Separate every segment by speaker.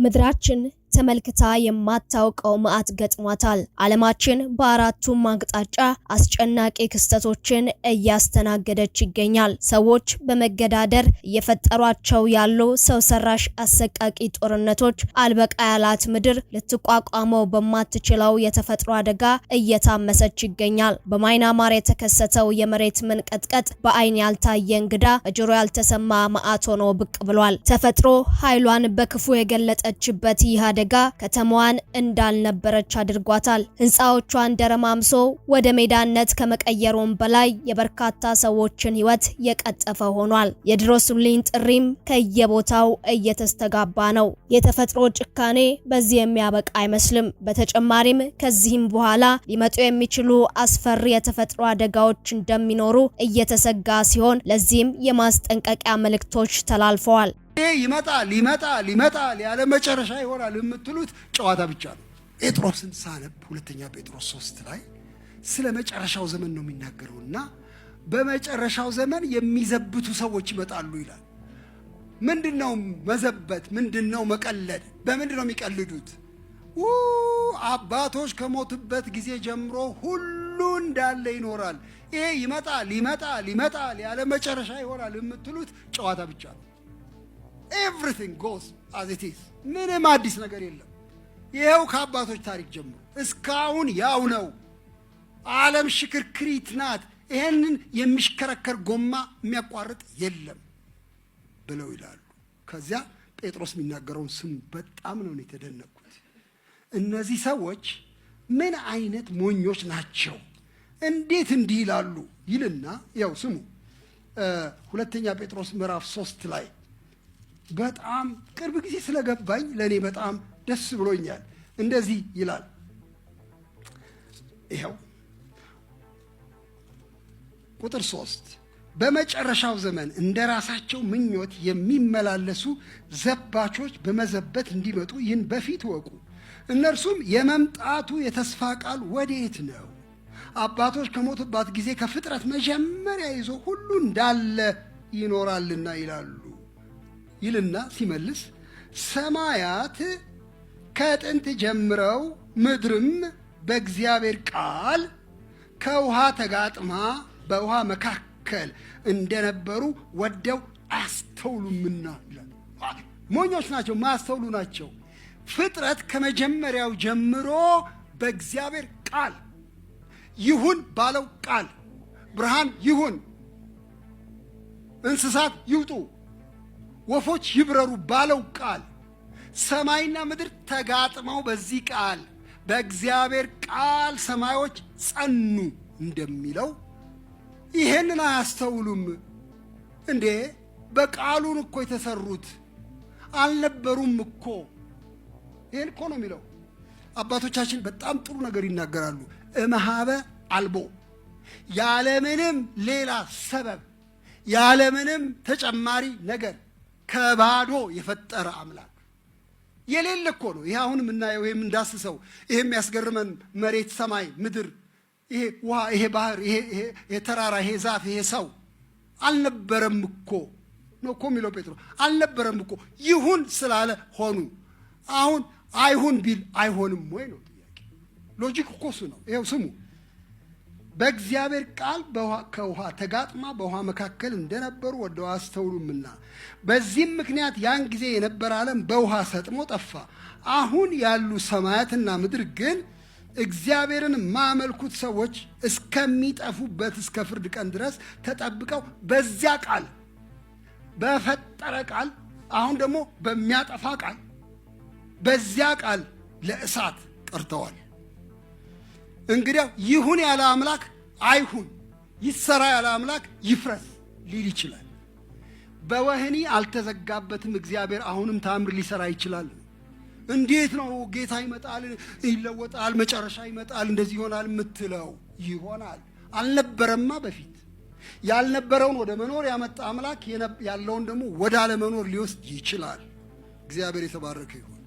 Speaker 1: मद्राचिन्ह ተመልክታ የማታውቀው መዓት ገጥሟታል። ዓለማችን በአራቱም አቅጣጫ አስጨናቂ ክስተቶችን እያስተናገደች ይገኛል። ሰዎች በመገዳደር እየፈጠሯቸው ያሉ ሰው ሰራሽ አሰቃቂ ጦርነቶች አልበቃ ያላት ምድር ልትቋቋመው በማትችለው የተፈጥሮ አደጋ እየታመሰች ይገኛል። በማይናማር የተከሰተው የመሬት መንቀጥቀጥ በአይን ያልታየ እንግዳ፣ በጆሮ ያልተሰማ መዓት ሆኖ ብቅ ብሏል። ተፈጥሮ ኃይሏን በክፉ የገለጠችበት ይህ አደጋ አደጋ ከተማዋን እንዳልነበረች አድርጓታል። ህንፃዎቿን ደረማምሶ ወደ ሜዳነት ከመቀየሩም በላይ የበርካታ ሰዎችን ህይወት የቀጠፈ ሆኗል። የድረሱልኝ ጥሪም ከየቦታው እየተስተጋባ ነው። የተፈጥሮ ጭካኔ በዚህ የሚያበቃ አይመስልም። በተጨማሪም ከዚህም በኋላ ሊመጡ የሚችሉ አስፈሪ የተፈጥሮ አደጋዎች እንደሚኖሩ እየተሰጋ ሲሆን ለዚህም የማስጠንቀቂያ መልእክቶች ተላልፈዋል።
Speaker 2: ይመጣል ይመጣል ይመጣል ያለ መጨረሻ ይሆናል የምትሉት ጨዋታ ብቻ ነው። ጴጥሮስን ሳነብ ሁለተኛ ጴጥሮስ ሶስት ላይ ስለ መጨረሻው ዘመን ነው የሚናገረው እና በመጨረሻው ዘመን የሚዘብቱ ሰዎች ይመጣሉ ይላል። ምንድን ነው መዘበት? ምንድን ነው መቀለድ? በምንድን ነው የሚቀልዱት? አባቶች ከሞቱበት ጊዜ ጀምሮ ሁሉ እንዳለ ይኖራል። ይሄ ይመጣል ይመጣል ይመጣል ያለ መጨረሻ ይሆናል የምትሉት ጨዋታ ብቻ ነው። ኤቭሪቲንግ ጎስ አዝ ኢት ኢዝ። ምንም አዲስ ነገር የለም። ይኸው ከአባቶች ታሪክ ጀምሮ እስካሁን ያው ነው። ዓለም ሽክርክሪት ናት። ይሄንን የሚሽከረከር ጎማ የሚያቋርጥ የለም ብለው ይላሉ። ከዚያ ጴጥሮስ የሚናገረውን ስሙ። በጣም ነው የተደነቅኩት። እነዚህ ሰዎች ምን አይነት ሞኞች ናቸው? እንዴት እንዲህ ይላሉ? ይልና ያው ስሙ ሁለተኛ ጴጥሮስ ምዕራፍ ሶስት ላይ በጣም ቅርብ ጊዜ ስለገባኝ ለእኔ በጣም ደስ ብሎኛል። እንደዚህ ይላል። ይኸው ቁጥር ሶስት በመጨረሻው ዘመን እንደ ራሳቸው ምኞት የሚመላለሱ ዘባቾች በመዘበት እንዲመጡ ይህን በፊት ወቁ። እነርሱም የመምጣቱ የተስፋ ቃል ወዴት ነው? አባቶች ከሞቱባት ጊዜ ከፍጥረት መጀመሪያ ይዞ ሁሉ እንዳለ ይኖራልና ይላሉ። ይልና ሲመልስ ሰማያት ከጥንት ጀምረው ምድርም በእግዚአብሔር ቃል ከውሃ ተጋጥማ በውሃ መካከል እንደነበሩ ወደው አስተውሉምና ይላል። ሞኞች ናቸው፣ ማያስተውሉ ናቸው። ፍጥረት ከመጀመሪያው ጀምሮ በእግዚአብሔር ቃል ይሁን ባለው ቃል ብርሃን ይሁን፣ እንስሳት ይውጡ ወፎች ይብረሩ ባለው ቃል ሰማይና ምድር ተጋጥመው በዚህ ቃል በእግዚአብሔር ቃል ሰማዮች ጸኑ እንደሚለው ይሄንን አያስተውሉም እንዴ? በቃሉን እኮ የተሰሩት አልነበሩም እኮ። ይህን እኮ ነው የሚለው። አባቶቻችን በጣም ጥሩ ነገር ይናገራሉ። እመሃበ አልቦ ያለምንም ሌላ ሰበብ ያለምንም ተጨማሪ ነገር ከባዶ የፈጠረ አምላክ የሌለ እኮ ነው። ይሄ አሁን የምናየው ይሄ የምንዳስሰው ይሄ የሚያስገርመን መሬት፣ ሰማይ፣ ምድር፣ ይሄ ውሃ፣ ይሄ ባህር፣ ይሄ ተራራ፣ ይሄ ዛፍ፣ ይሄ ሰው አልነበረም እኮ ነው እኮ የሚለው ጴጥሮስ። አልነበረም እኮ ይሁን ስላለ ሆኑ። አሁን አይሁን ቢል አይሆንም ወይ ነው ጥያቄ። ሎጂክ እኮ እሱ ነው። ይኸው ስሙ በእግዚአብሔር ቃል ከውሃ ተጋጥማ በውሃ መካከል እንደነበሩ ወደው አስተውሉምና፣ በዚህም ምክንያት ያን ጊዜ የነበረ ዓለም በውሃ ሰጥሞ ጠፋ። አሁን ያሉ ሰማያትና ምድር ግን እግዚአብሔርን የማያመልኩት ሰዎች እስከሚጠፉበት እስከ ፍርድ ቀን ድረስ ተጠብቀው በዚያ ቃል በፈጠረ ቃል አሁን ደግሞ በሚያጠፋ ቃል በዚያ ቃል ለእሳት ቀርተዋል። እንግዲያ ይሁን ያለ አምላክ አይሁን፣ ይሰራ ያለ አምላክ ይፍረስ ሊል ይችላል። በወህኒ አልተዘጋበትም። እግዚአብሔር አሁንም ታምር ሊሰራ ይችላል። እንዴት ነው ጌታ ይመጣል፣ ይለወጣል፣ መጨረሻ ይመጣል፣ እንደዚህ ይሆናል የምትለው? ይሆናል። አልነበረማ በፊት ያልነበረውን ወደ መኖር ያመጣ አምላክ ያለውን ደግሞ ወደ አለመኖር ሊወስድ ይችላል። እግዚአብሔር የተባረከ ይሁን።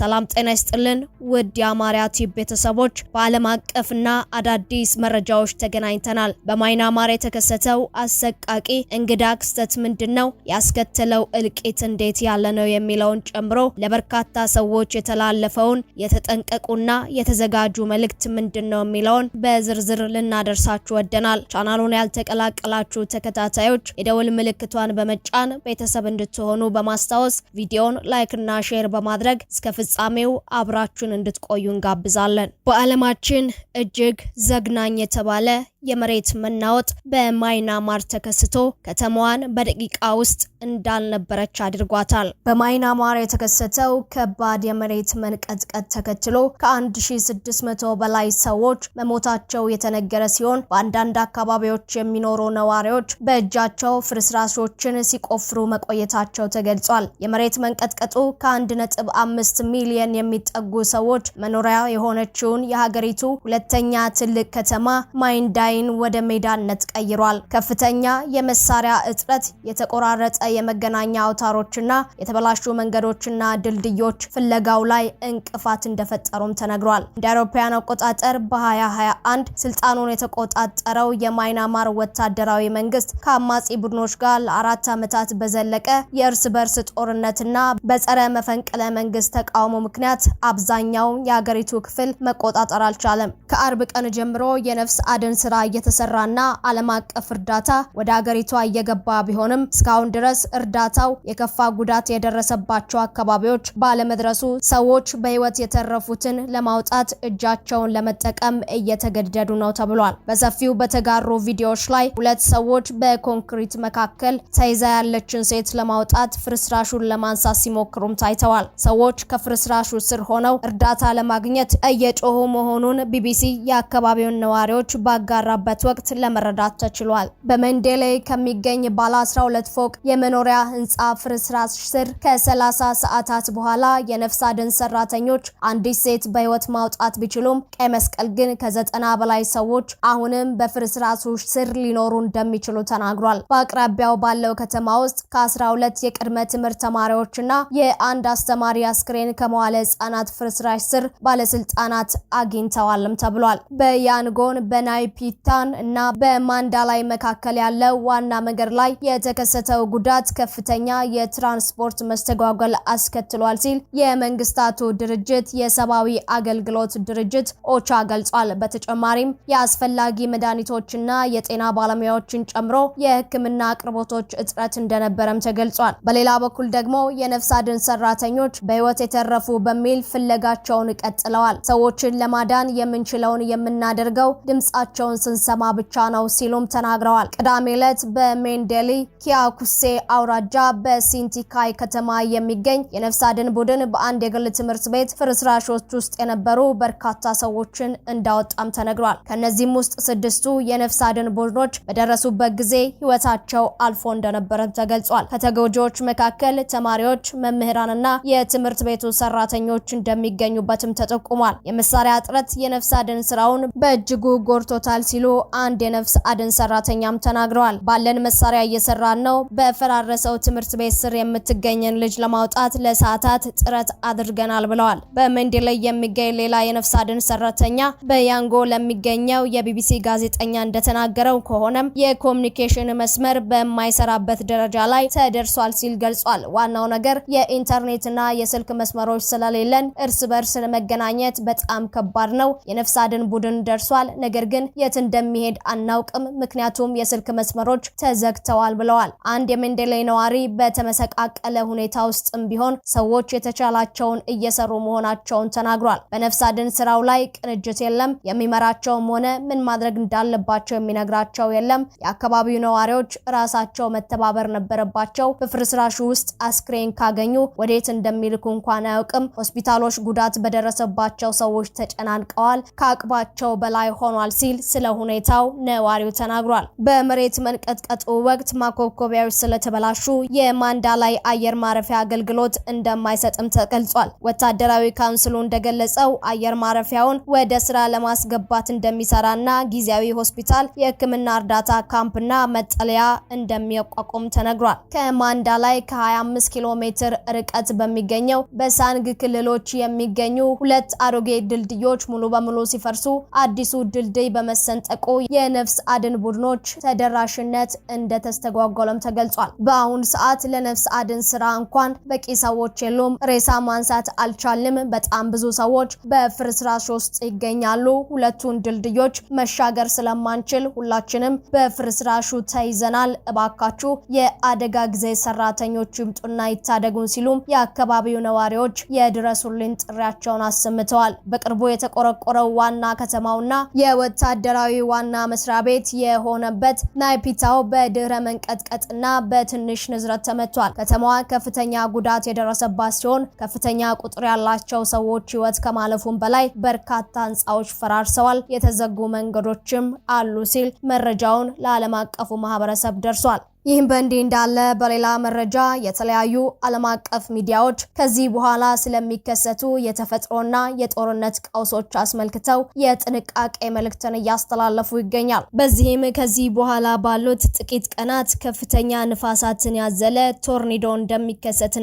Speaker 1: ሰላም ጤና ይስጥልን ውድ የአማርያ ቲዩብ ቤተሰቦች፣ በዓለም አቀፍና አዳዲስ መረጃዎች ተገናኝተናል። በማይናማር የተከሰተው አሰቃቂ እንግዳ ክስተት ምንድን ነው? ያስከተለው እልቂት እንዴት ያለ ነው? የሚለውን ጨምሮ ለበርካታ ሰዎች የተላለፈውን የተጠንቀቁና የተዘጋጁ መልእክት ምንድን ነው የሚለውን በዝርዝር ልናደርሳችሁ ወደናል። ቻናሉን ያልተቀላቀላችሁ ተከታታዮች የደውል ምልክቷን በመጫን ቤተሰብ እንድትሆኑ በማስታወስ ቪዲዮን ላይክና ሼር በማድረግ እስከ ፍጻሜው አብራችሁን እንድትቆዩ እንጋብዛለን። በዓለማችን እጅግ ዘግናኝ የተባለ የመሬት መናወጥ በማይናማር ተከስቶ ከተማዋን በደቂቃ ውስጥ እንዳልነበረች አድርጓታል። በማይናማር የተከሰተው ከባድ የመሬት መንቀጥቀጥ ተከትሎ ከ1600 በላይ ሰዎች መሞታቸው የተነገረ ሲሆን በአንዳንድ አካባቢዎች የሚኖሩ ነዋሪዎች በእጃቸው ፍርስራሾችን ሲቆፍሩ መቆየታቸው ተገልጿል። የመሬት መንቀጥቀጡ ከ1.5 ሚሊዮን የሚጠጉ ሰዎች መኖሪያ የሆነችውን የሀገሪቱ ሁለተኛ ትልቅ ከተማ ማይንዳ ስቃይን ወደ ሜዳነት ቀይሯል። ከፍተኛ የመሳሪያ እጥረት፣ የተቆራረጠ የመገናኛ አውታሮችና የተበላሹ መንገዶችና ድልድዮች ፍለጋው ላይ እንቅፋት እንደፈጠሩም ተነግሯል። እንደ አውሮፓውያን አቆጣጠር በ2021 ስልጣኑን የተቆጣጠረው የማይናማር ወታደራዊ መንግስት ከአማጺ ቡድኖች ጋር ለአራት ዓመታት በዘለቀ የእርስ በርስ ጦርነትና በጸረ መፈንቅለ መንግስት ተቃውሞ ምክንያት አብዛኛው የአገሪቱ ክፍል መቆጣጠር አልቻለም። ከአርብ ቀን ጀምሮ የነፍስ አድን ስራ እየተሰራና ዓለም አቀፍ እርዳታ ወደ አገሪቷ እየገባ ቢሆንም እስካሁን ድረስ እርዳታው የከፋ ጉዳት የደረሰባቸው አካባቢዎች ባለመድረሱ ሰዎች በሕይወት የተረፉትን ለማውጣት እጃቸውን ለመጠቀም እየተገደዱ ነው ተብሏል። በሰፊው በተጋሩ ቪዲዮዎች ላይ ሁለት ሰዎች በኮንክሪት መካከል ተይዛ ያለችን ሴት ለማውጣት ፍርስራሹን ለማንሳት ሲሞክሩም ታይተዋል። ሰዎች ከፍርስራሹ ስር ሆነው እርዳታ ለማግኘት እየጮሁ መሆኑን ቢቢሲ የአካባቢውን ነዋሪዎች ባጋራ በተሰራበት ወቅት ለመረዳት ተችሏል። በመንዴላይ ከሚገኝ ባለ 12 ፎቅ የመኖሪያ ህንፃ ፍርስራሽ ስር ከ30 ሰዓታት በኋላ የነፍስ አድን ሰራተኞች አንዲት ሴት በህይወት ማውጣት ቢችሉም ቀይ መስቀል ግን ከዘጠና በላይ ሰዎች አሁንም በፍርስራሱ ስር ሊኖሩ እንደሚችሉ ተናግሯል። በአቅራቢያው ባለው ከተማ ውስጥ ከ12 የቅድመ ትምህርት ተማሪዎችና የአንድ አስተማሪ አስክሬን ከመዋለ ህጻናት ፍርስራሽ ስር ባለስልጣናት አግኝተዋልም ተብሏል። በያንጎን በናይፒት በኪታን እና በማንዳላይ መካከል ያለው ዋና መንገድ ላይ የተከሰተው ጉዳት ከፍተኛ የትራንስፖርት መስተጓጎል አስከትሏል ሲል የመንግስታቱ ድርጅት የሰብአዊ አገልግሎት ድርጅት ኦቻ ገልጿል። በተጨማሪም የአስፈላጊ መድኃኒቶችና የጤና ባለሙያዎችን ጨምሮ የሕክምና አቅርቦቶች እጥረት እንደነበረም ተገልጿል። በሌላ በኩል ደግሞ የነፍስ አድን ሰራተኞች በህይወት የተረፉ በሚል ፍለጋቸውን ቀጥለዋል። ሰዎችን ለማዳን የምንችለውን የምናደርገው ድምጻቸውን ስንሰማ ብቻ ነው ሲሉም ተናግረዋል። ቅዳሜ ዕለት በሜንዴሊ ኪያኩሴ አውራጃ በሲንቲካይ ከተማ የሚገኝ የነፍስ አድን ቡድን በአንድ የግል ትምህርት ቤት ፍርስራሾች ውስጥ የነበሩ በርካታ ሰዎችን እንዳወጣም ተነግሯል። ከእነዚህም ውስጥ ስድስቱ የነፍስ አድን ቡድኖች በደረሱበት ጊዜ ህይወታቸው አልፎ እንደነበረም ተገልጿል። ከተጎጂዎች መካከል ተማሪዎች፣ መምህራንና የትምህርት ቤቱ ሰራተኞች እንደሚገኙበትም ተጠቁሟል። የመሳሪያ እጥረት የነፍስ አድን ስራውን በእጅጉ ጎድቶታል ሲሉ አንድ የነፍስ አድን ሰራተኛም ተናግረዋል። ባለን መሳሪያ እየሰራን ነው። በፈራረሰው ትምህርት ቤት ስር የምትገኝን ልጅ ለማውጣት ለሰዓታት ጥረት አድርገናል ብለዋል። በመንዲ ላይ የሚገኝ ሌላ የነፍስ አድን ሰራተኛ በያንጎ ለሚገኘው የቢቢሲ ጋዜጠኛ እንደተናገረው ከሆነም የኮሚኒኬሽን መስመር በማይሰራበት ደረጃ ላይ ተደርሷል ሲል ገልጿል። ዋናው ነገር የኢንተርኔትና የስልክ መስመሮች ስለሌለን እርስ በርስ መገናኘት በጣም ከባድ ነው። የነፍስ አድን ቡድን ደርሷል። ነገር ግን የት እንደሚሄድ አናውቅም፣ ምክንያቱም የስልክ መስመሮች ተዘግተዋል ብለዋል። አንድ የመንደሌ ነዋሪ በተመሰቃቀለ ሁኔታ ውስጥም ቢሆን ሰዎች የተቻላቸውን እየሰሩ መሆናቸውን ተናግሯል። በነፍስ አድን ስራው ላይ ቅንጅት የለም፣ የሚመራቸውም ሆነ ምን ማድረግ እንዳለባቸው የሚነግራቸው የለም። የአካባቢው ነዋሪዎች ራሳቸው መተባበር ነበረባቸው። በፍርስራሹ ውስጥ አስክሬን ካገኙ ወዴት እንደሚልኩ እንኳን አያውቅም። ሆስፒታሎች ጉዳት በደረሰባቸው ሰዎች ተጨናንቀዋል፣ ከአቅማቸው በላይ ሆኗል ሲል ስለ ሁኔታው ነዋሪው ተናግሯል። በመሬት መንቀጥቀጡ ወቅት ማኮብኮቢያዎች ስለተበላሹ የማንዳላይ አየር ማረፊያ አገልግሎት እንደማይሰጥም ተገልጿል። ወታደራዊ ካውንስሉ እንደገለጸው አየር ማረፊያውን ወደ ስራ ለማስገባት እንደሚሰራና ጊዜያዊ ሆስፒታል፣ የህክምና እርዳታ ካምፕና መጠለያ እንደሚያቋቁም ተነግሯል። ከማንዳላይ ከ25 ኪሎ ሜትር ርቀት በሚገኘው በሳንግ ክልሎች የሚገኙ ሁለት አሮጌ ድልድዮች ሙሉ በሙሉ ሲፈርሱ አዲሱ ድልድይ በመሰን የታጠቁ የነፍስ አድን ቡድኖች ተደራሽነት እንደተስተጓጎለም ተገልጿል። በአሁን ሰዓት ለነፍስ አድን ስራ እንኳን በቂ ሰዎች የሉም። ሬሳ ማንሳት አልቻልም። በጣም ብዙ ሰዎች በፍርስራሽ ውስጥ ይገኛሉ። ሁለቱን ድልድዮች መሻገር ስለማንችል ሁላችንም በፍርስራሹ ተይዘናል። እባካችሁ የአደጋ ጊዜ ሰራተኞች ይምጡና ይታደጉን ሲሉም የአካባቢው ነዋሪዎች የድረሱልን ጥሪያቸውን አሰምተዋል። በቅርቡ የተቆረቆረው ዋና ከተማውና የወታደራዊ ብሔራዊ ዋና መስሪያ ቤት የሆነበት ናይፒታው በድህረ መንቀጥቀጥና በትንሽ ንዝረት ተመቷል። ከተማዋ ከፍተኛ ጉዳት የደረሰባት ሲሆን ከፍተኛ ቁጥር ያላቸው ሰዎች ሕይወት ከማለፉም በላይ በርካታ ህንፃዎች ፈራርሰዋል፣ የተዘጉ መንገዶችም አሉ ሲል መረጃውን ለዓለም አቀፉ ማህበረሰብ ደርሷል። ይህም በእንዲህ እንዳለ በሌላ መረጃ የተለያዩ ዓለም አቀፍ ሚዲያዎች ከዚህ በኋላ ስለሚከሰቱ የተፈጥሮና የጦርነት ቀውሶች አስመልክተው የጥንቃቄ መልእክትን እያስተላለፉ ይገኛል። በዚህም ከዚህ በኋላ ባሉት ጥቂት ቀናት ከፍተኛ ንፋሳትን ያዘለ ቶርኒዶ እንደሚከሰትና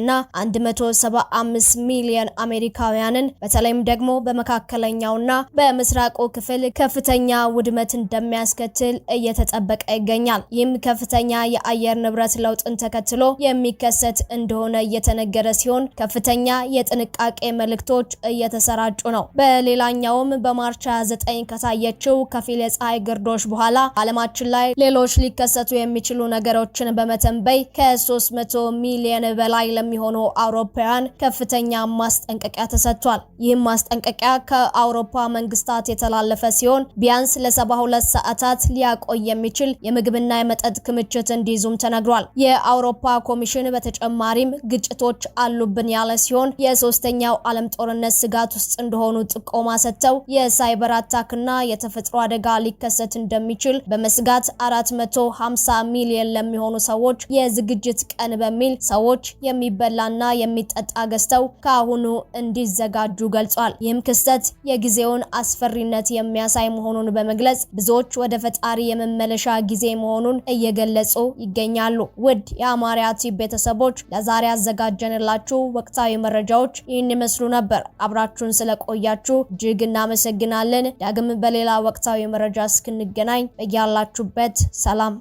Speaker 1: 175 ሚሊዮን አሜሪካውያንን በተለይም ደግሞ በመካከለኛውና በምስራቁ ክፍል ከፍተኛ ውድመት እንደሚያስከትል እየተጠበቀ ይገኛል። ይህም ከፍተኛ አየር ንብረት ለውጥን ተከትሎ የሚከሰት እንደሆነ እየተነገረ ሲሆን ከፍተኛ የጥንቃቄ መልእክቶች እየተሰራጩ ነው። በሌላኛውም በማርች 29 ከታየችው ከፊል የፀሐይ ግርዶች በኋላ አለማችን ላይ ሌሎች ሊከሰቱ የሚችሉ ነገሮችን በመተንበይ ከ300 ሚሊዮን በላይ ለሚሆኑ አውሮፓውያን ከፍተኛ ማስጠንቀቂያ ተሰጥቷል። ይህም ማስጠንቀቂያ ከአውሮፓ መንግስታት የተላለፈ ሲሆን ቢያንስ ለ72 ሰዓታት ሊያቆይ የሚችል የምግብና የመጠጥ ክምችት እንዲ እንደሚይዙም ተነግሯል። የአውሮፓ ኮሚሽን በተጨማሪም ግጭቶች አሉብን ያለ ሲሆን የሶስተኛው ዓለም ጦርነት ስጋት ውስጥ እንደሆኑ ጥቆማ ሰጥተው የሳይበር አታክና የተፈጥሮ አደጋ ሊከሰት እንደሚችል በመስጋት 450 ሚሊዮን ለሚሆኑ ሰዎች የዝግጅት ቀን በሚል ሰዎች የሚበላና የሚጠጣ ገዝተው ከአሁኑ እንዲዘጋጁ ገልጿል። ይህም ክስተት የጊዜውን አስፈሪነት የሚያሳይ መሆኑን በመግለጽ ብዙዎች ወደ ፈጣሪ የመመለሻ ጊዜ መሆኑን እየገለጹ ይገኛሉ። ውድ የአማርያ ቲዩብ ቤተሰቦች ለዛሬ ያዘጋጀንላችሁ ወቅታዊ መረጃዎች ይህን ይመስሉ ነበር። አብራችሁን ስለቆያችሁ እጅግ እናመሰግናለን። ዳግም በሌላ ወቅታዊ መረጃ እስክንገናኝ በያላችሁበት ሰላም